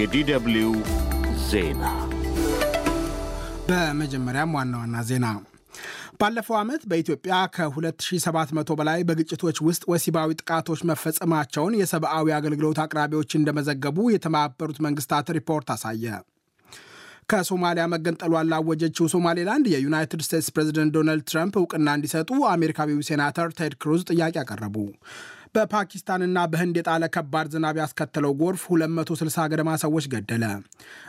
የዲደብሊው ዜና በመጀመሪያም ዋና ዋና ዜና ባለፈው ዓመት በኢትዮጵያ ከ2700 በላይ በግጭቶች ውስጥ ወሲባዊ ጥቃቶች መፈጸማቸውን የሰብአዊ አገልግሎት አቅራቢዎች እንደመዘገቡ የተባበሩት መንግስታት ሪፖርት አሳየ። ከሶማሊያ መገንጠሏን ላወጀችው ሶማሌላንድ የዩናይትድ ስቴትስ ፕሬዝደንት ዶናልድ ትራምፕ እውቅና እንዲሰጡ አሜሪካዊው ሴናተር ቴድ ክሩዝ ጥያቄ አቀረቡ። በፓኪስታንና በህንድ የጣለ ከባድ ዝናብ ያስከተለው ጎርፍ 260 ገደማ ሰዎች ገደለ።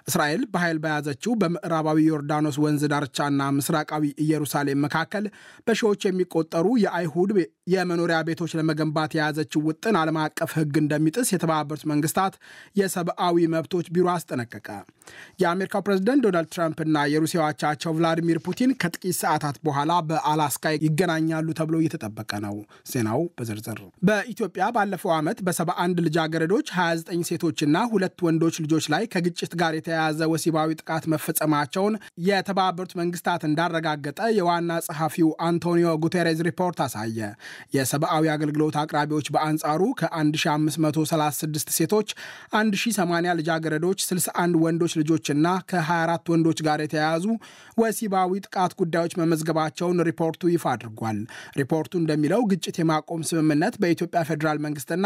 እስራኤል በኃይል በያዘችው በምዕራባዊ ዮርዳኖስ ወንዝ ዳርቻና ምስራቃዊ ኢየሩሳሌም መካከል በሺዎች የሚቆጠሩ የአይሁድ የመኖሪያ ቤቶች ለመገንባት የያዘችው ውጥን ዓለም አቀፍ ሕግ እንደሚጥስ የተባበሩት መንግስታት የሰብአዊ መብቶች ቢሮ አስጠነቀቀ። የአሜሪካው ፕሬዝደንት ዶናልድ ትራምፕ የሩሲያው አቻቸው ቭላዲሚር ፑቲን ከጥቂት ሰዓታት በኋላ በአላስካ ይገናኛሉ ተብሎ እየተጠበቀ ነው። ዜናው በዝርዝር በኢትዮጵያ ባለፈው ዓመት በ71 ልጃገረዶች 29 ሴቶችና ሁለት ወንዶች ልጆች ላይ ከግጭት ጋር የተያያዘ ወሲባዊ ጥቃት መፈጸማቸውን የተባበሩት መንግስታት እንዳረጋገጠ የዋና ጸሐፊው አንቶኒዮ ጉቴሬዝ ሪፖርት አሳየ። የሰብአዊ አገልግሎት አቅራቢዎች በአንጻሩ ከ1536 ሴቶች፣ 1080 ልጃገረዶች፣ 61 ወንዶች ልጆችና ከ24 ወንዶች ጋር የተያያዙ ወሲባዊ ጥቃት ጉዳዮች መመዝገባቸውን ሪፖርቱ ይፋ አድርጓል። ሪፖርቱ እንደሚለው ግጭት የማቆም ስምምነት በኢትዮጵያ ፌዴራል መንግስትና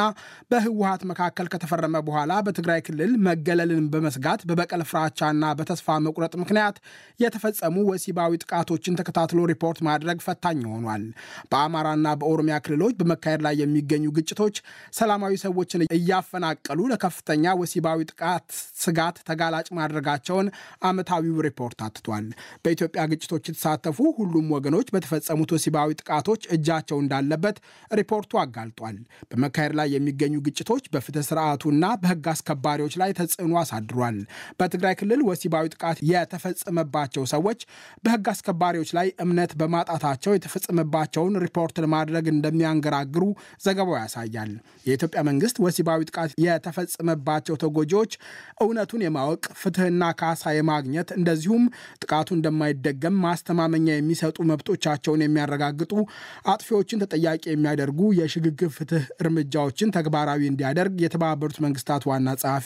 በህወሀት መካከል ከተፈረመ በኋላ በትግራይ ክልል መገለልን በመስጋት በበቀል ፍራቻና በተስፋ መቁረጥ ምክንያት የተፈጸሙ ወሲባዊ ጥቃቶችን ተከታትሎ ሪፖርት ማድረግ ፈታኝ ሆኗል። በአማራና በኦ በኦሮሚያ ክልሎች በመካሄድ ላይ የሚገኙ ግጭቶች ሰላማዊ ሰዎችን እያፈናቀሉ ለከፍተኛ ወሲባዊ ጥቃት ስጋት ተጋላጭ ማድረጋቸውን ዓመታዊው ሪፖርት አትቷል። በኢትዮጵያ ግጭቶች የተሳተፉ ሁሉም ወገኖች በተፈጸሙት ወሲባዊ ጥቃቶች እጃቸው እንዳለበት ሪፖርቱ አጋልጧል። በመካሄድ ላይ የሚገኙ ግጭቶች በፍትህ ስርዓቱና በህግ አስከባሪዎች ላይ ተጽዕኖ አሳድሯል። በትግራይ ክልል ወሲባዊ ጥቃት የተፈጸመባቸው ሰዎች በህግ አስከባሪዎች ላይ እምነት በማጣታቸው የተፈጸመባቸውን ሪፖርት ለማድረግ እንደሚያንገራግሩ ዘገባው ያሳያል። የኢትዮጵያ መንግስት ወሲባዊ ጥቃት የተፈጸመባቸው ተጎጂዎች እውነቱን የማወቅ ፍትህና ካሳ የማግኘት እንደዚሁም ጥቃቱ እንደማይደገም ማስተማመኛ የሚሰጡ መብቶቻቸውን የሚያረጋግጡ አጥፊዎችን ተጠያቂ የሚያደርጉ የሽግግር ፍትህ እርምጃዎችን ተግባራዊ እንዲያደርግ የተባበሩት መንግስታት ዋና ጸሐፊ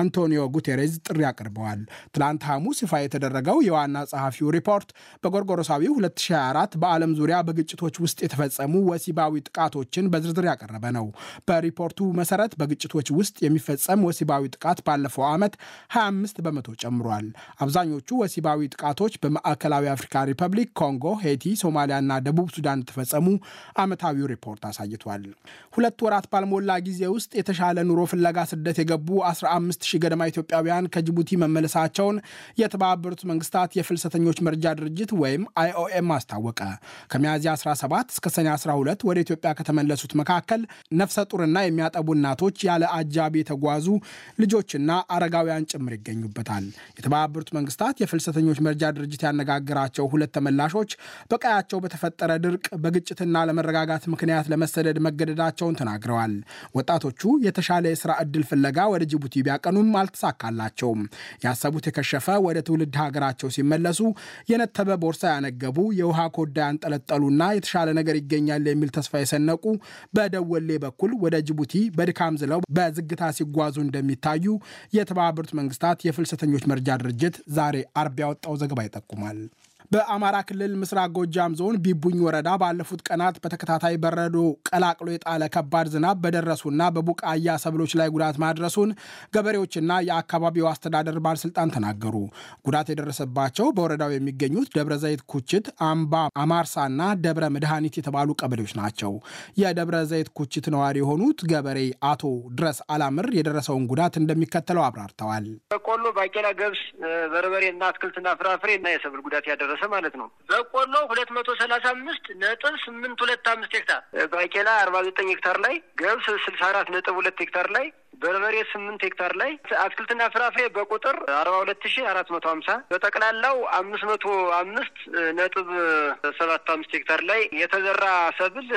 አንቶኒዮ ጉቴሬዝ ጥሪ አቅርበዋል። ትላንት ሐሙስ ይፋ የተደረገው የዋና ጸሐፊው ሪፖርት በጎርጎሮሳዊው 2024 በዓለም ዙሪያ በግጭቶች ውስጥ የተፈጸሙ ወሲባዊ ጥቃቶችን በዝርዝር ያቀረበ ነው። በሪፖርቱ መሰረት በግጭቶች ውስጥ የሚፈጸም ወሲባዊ ጥቃት ባለፈው ዓመት 25 በመቶ ጨምሯል። አብዛኞቹ ወሲባዊ ጥቃቶች በማዕከላዊ አፍሪካ ሪፐብሊክ፣ ኮንጎ፣ ሄቲ፣ ሶማሊያና ደቡብ ሱዳን ተፈጸሙ ዓመታዊው ሪፖርት አሳይቷል። ሁለት ወራት ባልሞላ ጊዜ ውስጥ የተሻለ ኑሮ ፍለጋ ስደት የገቡ 15 ሺህ ገደማ ኢትዮጵያውያን ከጅቡቲ መመለሳቸውን የተባበሩት መንግስታት የፍልሰተኞች መርጃ ድርጅት ወይም አይኦኤም አስታወቀ። ከሚያዝያ 17 እስከ ሰኔ 12 ዕለት ወደ ኢትዮጵያ ከተመለሱት መካከል ነፍሰ ጡርና የሚያጠቡ እናቶች፣ ያለ አጃቢ የተጓዙ ልጆችና አረጋውያን ጭምር ይገኙበታል። የተባበሩት መንግስታት የፍልሰተኞች መርጃ ድርጅት ያነጋገራቸው ሁለት ተመላሾች በቀያቸው በተፈጠረ ድርቅ፣ በግጭትና ለመረጋጋት ምክንያት ለመሰደድ መገደዳቸውን ተናግረዋል። ወጣቶቹ የተሻለ የስራ እድል ፍለጋ ወደ ጅቡቲ ቢያቀኑም አልተሳካላቸውም። ያሰቡት የከሸፈ ወደ ትውልድ ሀገራቸው ሲመለሱ የነተበ ቦርሳ ያነገቡ የውሃ ኮዳ ያንጠለጠሉና የተሻለ ነገር ይገኛል የሚል ተስፋ የሰነቁ በደወሌ በኩል ወደ ጅቡቲ በድካም ዝለው በዝግታ ሲጓዙ እንደሚታዩ የተባበሩት መንግስታት የፍልሰተኞች መርጃ ድርጅት ዛሬ አርብ ያወጣው ዘገባ ይጠቁማል። በአማራ ክልል ምስራቅ ጎጃም ዞን ቢቡኝ ወረዳ ባለፉት ቀናት በተከታታይ በረዶ ቀላቅሎ የጣለ ከባድ ዝናብ በደረሱና በቡቃያ ሰብሎች ላይ ጉዳት ማድረሱን ገበሬዎችና የአካባቢው አስተዳደር ባለስልጣን ተናገሩ። ጉዳት የደረሰባቸው በወረዳው የሚገኙት ደብረ ዘይት ኩችት፣ አምባ አማርሳና ደብረ መድኃኒት የተባሉ ቀበሌዎች ናቸው። የደብረ ዘይት ኩችት ነዋሪ የሆኑት ገበሬ አቶ ድረስ አላምር የደረሰውን ጉዳት እንደሚከተለው አብራርተዋል። በቆሎ፣ ባቄላ፣ ገብስ፣ በርበሬና አትክልትና ፍራፍሬ እና የሰብል ጉዳት ያደረ ደረሰ ማለት ነው። በቆሎ ሁለት መቶ ሰላሳ አምስት ነጥብ ስምንት ሁለት አምስት ሄክታር፣ ባቄላ አርባ ዘጠኝ ሄክታር ላይ ገብስ ስልሳ አራት ነጥብ ሁለት ሄክታር ላይ በርበሬ ስምንት ሄክታር ላይ አትክልትና ፍራፍሬ በቁጥር አርባ ሁለት ሺ አራት መቶ ሀምሳ በጠቅላላው አምስት መቶ አምስት ነጥብ ሰባት አምስት ሄክታር ላይ የተዘራ ሰብል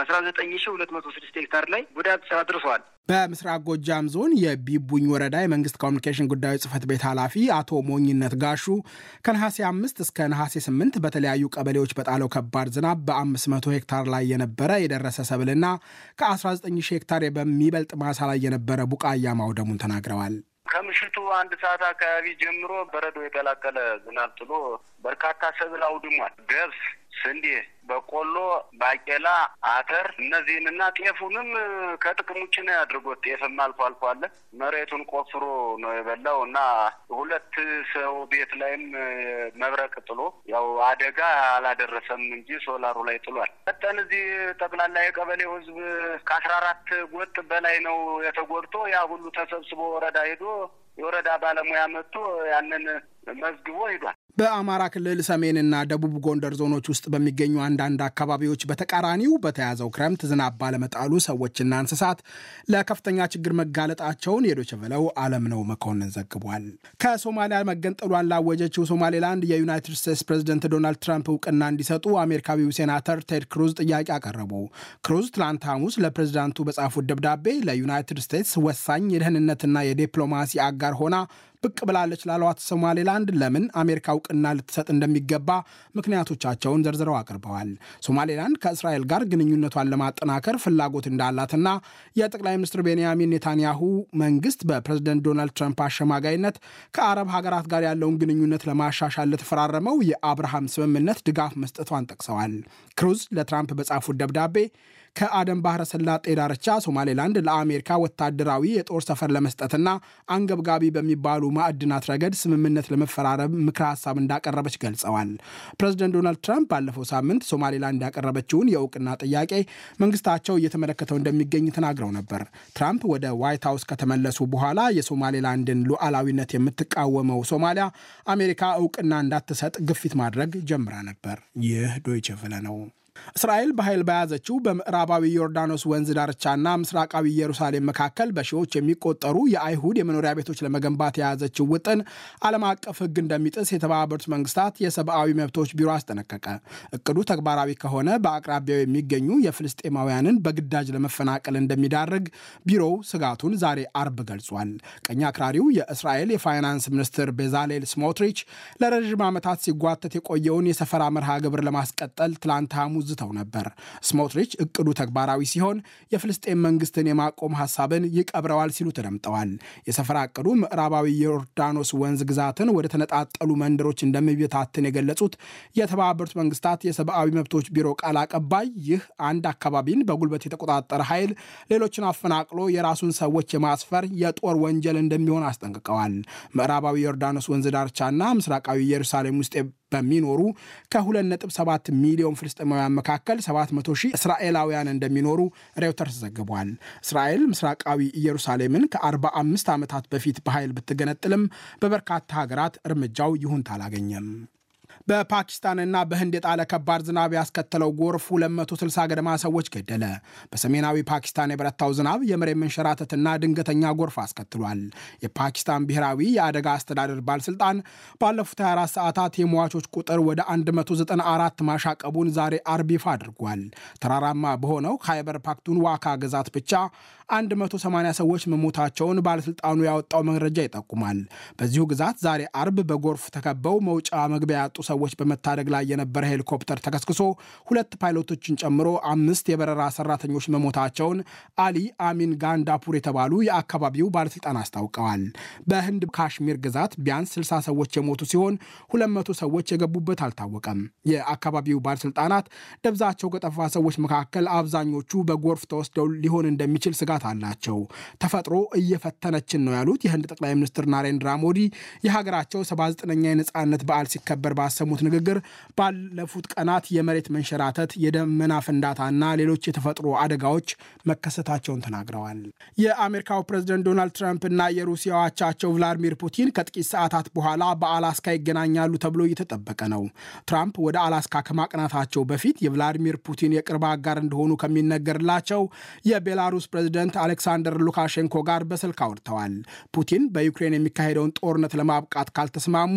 አስራ ዘጠኝ ሺ ሁለት መቶ ስድስት ሄክታር ላይ ጉዳት አድርሷል። በምስራቅ ጎጃም ዞን የቢቡኝ ወረዳ የመንግስት ኮሚኒኬሽን ጉዳዮች ጽህፈት ቤት ኃላፊ አቶ ሞኝነት ጋሹ ከነሐሴ አምስት እስከ ነሐሴ ስምንት በተለያዩ ቀበሌዎች በጣለው ከባድ ዝናብ በአምስት መቶ ሄክታር ላይ የነበረ የደረሰ ሰብልና ከ19 ሺህ ሄክታር በሚበልጥ ማሳ ላይ የነበረ የነበረ ቡቃያ ማውደሙን ተናግረዋል። ከምሽቱ አንድ ሰዓት አካባቢ ጀምሮ በረዶ የቀላቀለ ዝናብ ጥሎ በርካታ ሰብል አውድሟል። ገብስ ስንዴ፣ በቆሎ፣ ባቄላ፣ አተር እነዚህንና ጤፉንም ከጥቅም ውጭ ነው ያድርጎት። ጤፍም አልፎ አልፎ አለ። መሬቱን ቆፍሮ ነው የበላው እና ሁለት ሰው ቤት ላይም መብረቅ ጥሎ ያው አደጋ አላደረሰም እንጂ ሶላሩ ላይ ጥሏል። መጠን እዚህ ጠቅላላ የቀበሌው ህዝብ ከአስራ አራት ጎጥ በላይ ነው የተጎድቶ ያ ሁሉ ተሰብስቦ ወረዳ ሄዶ የወረዳ ባለሙያ መጥቶ ያንን መዝግቦ ሄዷል። በአማራ ክልል ሰሜንና ደቡብ ጎንደር ዞኖች ውስጥ በሚገኙ አንዳንድ አካባቢዎች በተቃራኒው በተያዘው ክረምት ዝናብ ባለመጣሉ ሰዎችና እንስሳት ለከፍተኛ ችግር መጋለጣቸውን የዶችቨለው አለምነው መኮንን ዘግቧል። ከሶማሊያ መገንጠሏን ላወጀችው ሶማሌላንድ የዩናይትድ ስቴትስ ፕሬዝደንት ዶናልድ ትራምፕ እውቅና እንዲሰጡ አሜሪካዊው ሴናተር ቴድ ክሩዝ ጥያቄ አቀረቡ። ክሩዝ ትላንት ሐሙስ በጻፉት ደብዳቤ ለዩናይትድ ስቴትስ ወሳኝ የደህንነትና የዲፕሎማሲ አጋር ሆና ብቅ ብላለች ላለዋት ሶማሌላንድ ለምን አሜሪካ እውቅና ልትሰጥ እንደሚገባ ምክንያቶቻቸውን ዘርዝረው አቅርበዋል። ሶማሌላንድ ከእስራኤል ጋር ግንኙነቷን ለማጠናከር ፍላጎት እንዳላትና የጠቅላይ ሚኒስትር ቤንያሚን ኔታንያሁ መንግስት በፕሬዝደንት ዶናልድ ትራምፕ አሸማጋይነት ከአረብ ሀገራት ጋር ያለውን ግንኙነት ለማሻሻል ለተፈራረመው የአብርሃም ስምምነት ድጋፍ መስጠቷን ጠቅሰዋል። ክሩዝ ለትራምፕ በጻፉት ደብዳቤ ከአደን ባህረ ሰላጤ ዳርቻ ሶማሌላንድ ለአሜሪካ ወታደራዊ የጦር ሰፈር ለመስጠትና አንገብጋቢ በሚባሉ ማዕድናት ረገድ ስምምነት ለመፈራረብ ምክረ ሀሳብ እንዳቀረበች ገልጸዋል። ፕሬዚደንት ዶናልድ ትራምፕ ባለፈው ሳምንት ሶማሌላንድ ያቀረበችውን የእውቅና ጥያቄ መንግስታቸው እየተመለከተው እንደሚገኝ ተናግረው ነበር። ትራምፕ ወደ ዋይት ሀውስ ከተመለሱ በኋላ የሶማሌላንድን ሉዓላዊነት የምትቃወመው ሶማሊያ አሜሪካ እውቅና እንዳትሰጥ ግፊት ማድረግ ጀምራ ነበር። ይህ ዶይቸ ቬለ ነው። እስራኤል በኃይል በያዘችው በምዕራባዊ ዮርዳኖስ ወንዝ ዳርቻና ምስራቃዊ ኢየሩሳሌም መካከል በሺዎች የሚቆጠሩ የአይሁድ የመኖሪያ ቤቶች ለመገንባት የያዘችው ውጥን ዓለም አቀፍ ሕግ እንደሚጥስ የተባበሩት መንግስታት የሰብአዊ መብቶች ቢሮ አስጠነቀቀ። እቅዱ ተግባራዊ ከሆነ በአቅራቢያው የሚገኙ የፍልስጤማውያንን በግዳጅ ለመፈናቀል እንደሚዳርግ ቢሮው ስጋቱን ዛሬ አርብ ገልጿል። ቀኝ አክራሪው የእስራኤል የፋይናንስ ሚኒስትር ቤዛሌል ስሞትሪች ለረዥም ዓመታት ሲጓተት የቆየውን የሰፈራ መርሃ ግብር ለማስቀጠል ትላንት ሐሙስ አውዝተው ነበር። ስሞትሪች እቅዱ ተግባራዊ ሲሆን የፍልስጤም መንግስትን የማቆም ሀሳብን ይቀብረዋል ሲሉ ተደምጠዋል። የሰፈራ እቅዱ ምዕራባዊ የዮርዳኖስ ወንዝ ግዛትን ወደ ተነጣጠሉ መንደሮች እንደሚበታትን የገለጹት የተባበሩት መንግስታት የሰብአዊ መብቶች ቢሮ ቃል አቀባይ ይህ አንድ አካባቢን በጉልበት የተቆጣጠረ ኃይል ሌሎችን አፈናቅሎ የራሱን ሰዎች የማስፈር የጦር ወንጀል እንደሚሆን አስጠንቅቀዋል። ምዕራባዊ ዮርዳኖስ ወንዝ ዳርቻና ምስራቃዊ ኢየሩሳሌም ውስጥ በሚኖሩ ከ2.7 ሚሊዮን ፍልስጤማውያን መካከል 700 ሺህ እስራኤላውያን እንደሚኖሩ ሬውተርስ ዘግቧል። እስራኤል ምስራቃዊ ኢየሩሳሌምን ከ45 ዓመታት በፊት በኃይል ብትገነጥልም በበርካታ ሀገራት እርምጃው ይሁንታ አላገኘም። በፓኪስታንና በህንድ የጣለ ከባድ ዝናብ ያስከተለው ጎርፍ 260 ገደማ ሰዎች ገደለ። በሰሜናዊ ፓኪስታን የበረታው ዝናብ የመሬት መንሸራተትና ድንገተኛ ጎርፍ አስከትሏል። የፓኪስታን ብሔራዊ የአደጋ አስተዳደር ባለስልጣን ባለፉት 24 ሰዓታት የሟቾች ቁጥር ወደ 194 ማሻቀቡን ዛሬ አርብ ይፋ አድርጓል። ተራራማ በሆነው ካይበር ዋካ ግዛት ብቻ 180 ሰዎች መሞታቸውን ባለስልጣኑ ያወጣው መረጃ ይጠቁማል። በዚሁ ግዛት ዛሬ አርብ በጎርፍ ተከበው መውጫ መግቢያ ያጡ ሰዎች በመታደግ ላይ የነበረ ሄሊኮፕተር ተከስክሶ ሁለት ፓይሎቶችን ጨምሮ አምስት የበረራ ሰራተኞች መሞታቸውን አሊ አሚን ጋንዳፑር የተባሉ የአካባቢው ባለስልጣን አስታውቀዋል። በህንድ ካሽሚር ግዛት ቢያንስ 60 ሰዎች የሞቱ ሲሆን 200 ሰዎች የገቡበት አልታወቀም። የአካባቢው ባለስልጣናት ደብዛቸው ከጠፋ ሰዎች መካከል አብዛኞቹ በጎርፍ ተወስደው ሊሆን እንደሚችል ስጋት አላቸው። ተፈጥሮ እየፈተነችን ነው ያሉት የህንድ ጠቅላይ ሚኒስትር ናሬንድራ ሞዲ የሀገራቸው 79ኛ የነፃነት በዓል ሲከበር ባሰ ባሰሙት ንግግር ባለፉት ቀናት የመሬት መንሸራተት፣ የደመና ፍንዳታና ሌሎች የተፈጥሮ አደጋዎች መከሰታቸውን ተናግረዋል። የአሜሪካው ፕሬዝደንት ዶናልድ ትራምፕ የሩሲያው አቻቸው ቭላዲሚር ፑቲን ከጥቂት ሰዓታት በኋላ በአላስካ ይገናኛሉ ተብሎ እየተጠበቀ ነው። ትራምፕ ወደ አላስካ ከማቅናታቸው በፊት የቭላዲሚር ፑቲን የቅርብ አጋር እንደሆኑ ከሚነገርላቸው የቤላሩስ ፕሬዝደንት አሌክሳንደር ሉካሼንኮ ጋር በስልክ አውርተዋል። ፑቲን በዩክሬን የሚካሄደውን ጦርነት ለማብቃት ካልተስማሙ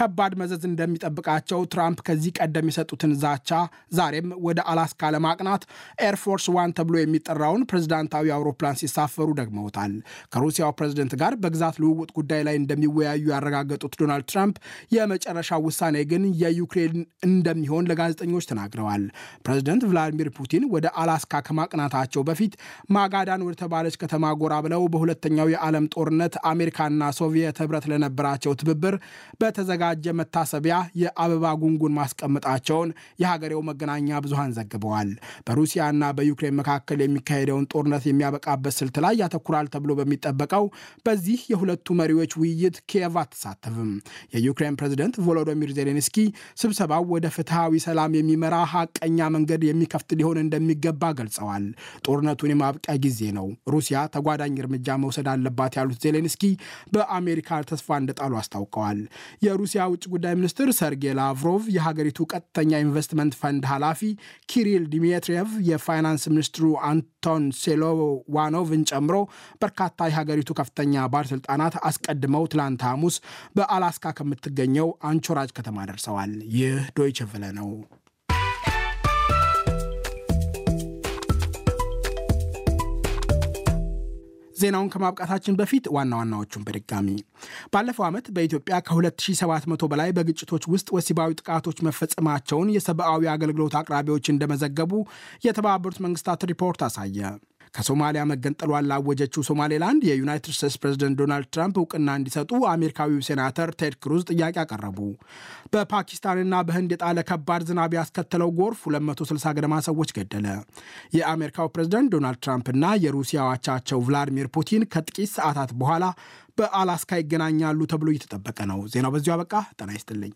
ከባድ መዘዝ እንደሚጠብቃ ጠየቃቸው ትራምፕ ከዚህ ቀደም የሰጡትን ዛቻ ዛሬም ወደ አላስካ ለማቅናት ኤርፎርስ ዋን ተብሎ የሚጠራውን ፕሬዝዳንታዊ አውሮፕላን ሲሳፈሩ ደግመውታል። ከሩሲያው ፕሬዝደንት ጋር በግዛት ልውውጥ ጉዳይ ላይ እንደሚወያዩ ያረጋገጡት ዶናልድ ትራምፕ የመጨረሻ ውሳኔ ግን የዩክሬን እንደሚሆን ለጋዜጠኞች ተናግረዋል። ፕሬዝደንት ቭላዲሚር ፑቲን ወደ አላስካ ከማቅናታቸው በፊት ማጋዳን ወደተባለች ከተማ ጎራ ብለው በሁለተኛው የዓለም ጦርነት አሜሪካና ሶቪየት ህብረት ለነበራቸው ትብብር በተዘጋጀ መታሰቢያ አበባ ጉንጉን ማስቀመጣቸውን የሀገሬው መገናኛ ብዙሃን ዘግበዋል። በሩሲያና በዩክሬን መካከል የሚካሄደውን ጦርነት የሚያበቃበት ስልት ላይ ያተኩራል ተብሎ በሚጠበቀው በዚህ የሁለቱ መሪዎች ውይይት ኪየቭ አትሳተፍም። የዩክሬን ፕሬዝደንት ቮሎዶሚር ዜሌንስኪ ስብሰባው ወደ ፍትሐዊ ሰላም የሚመራ ሀቀኛ መንገድ የሚከፍት ሊሆን እንደሚገባ ገልጸዋል። ጦርነቱን የማብቂያ ጊዜ ነው፣ ሩሲያ ተጓዳኝ እርምጃ መውሰድ አለባት ያሉት ዜሌንስኪ በአሜሪካ ተስፋ እንደጣሉ አስታውቀዋል። የሩሲያ ውጭ ጉዳይ ሚኒስትር ሰርጌ የላቭሮቭ የሀገሪቱ ቀጥተኛ ኢንቨስትመንት ፈንድ ኃላፊ ኪሪል ዲሚትሪየቭ የፋይናንስ ሚኒስትሩ አንቶን ሴሎዋኖቭን ጨምሮ በርካታ የሀገሪቱ ከፍተኛ ባለስልጣናት አስቀድመው ትላንት ሐሙስ በአላስካ ከምትገኘው አንቾራጅ ከተማ ደርሰዋል። ይህ ዶይቸ ቬለ ነው። ዜናውን ከማብቃታችን በፊት ዋና ዋናዎቹን በድጋሚ ባለፈው ዓመት በኢትዮጵያ ከ2700 በላይ በግጭቶች ውስጥ ወሲባዊ ጥቃቶች መፈጸማቸውን የሰብአዊ አገልግሎት አቅራቢዎች እንደመዘገቡ የተባበሩት መንግስታት ሪፖርት አሳየ። ከሶማሊያ መገንጠሏን ላወጀችው ሶማሌላንድ የዩናይትድ ስቴትስ ፕሬዝደንት ዶናልድ ትራምፕ እውቅና እንዲሰጡ አሜሪካዊው ሴናተር ቴድ ክሩዝ ጥያቄ አቀረቡ። በፓኪስታንና በህንድ የጣለ ከባድ ዝናብ ያስከተለው ጎርፍ 260 ገደማ ሰዎች ገደለ። የአሜሪካው ፕሬዝደንት ዶናልድ ትራምፕና የሩሲያ አቻቸው ቭላዲሚር ፑቲን ከጥቂት ሰዓታት በኋላ በአላስካ ይገናኛሉ ተብሎ እየተጠበቀ ነው። ዜናው በዚሁ አበቃ። ጤና ይስጥልኝ።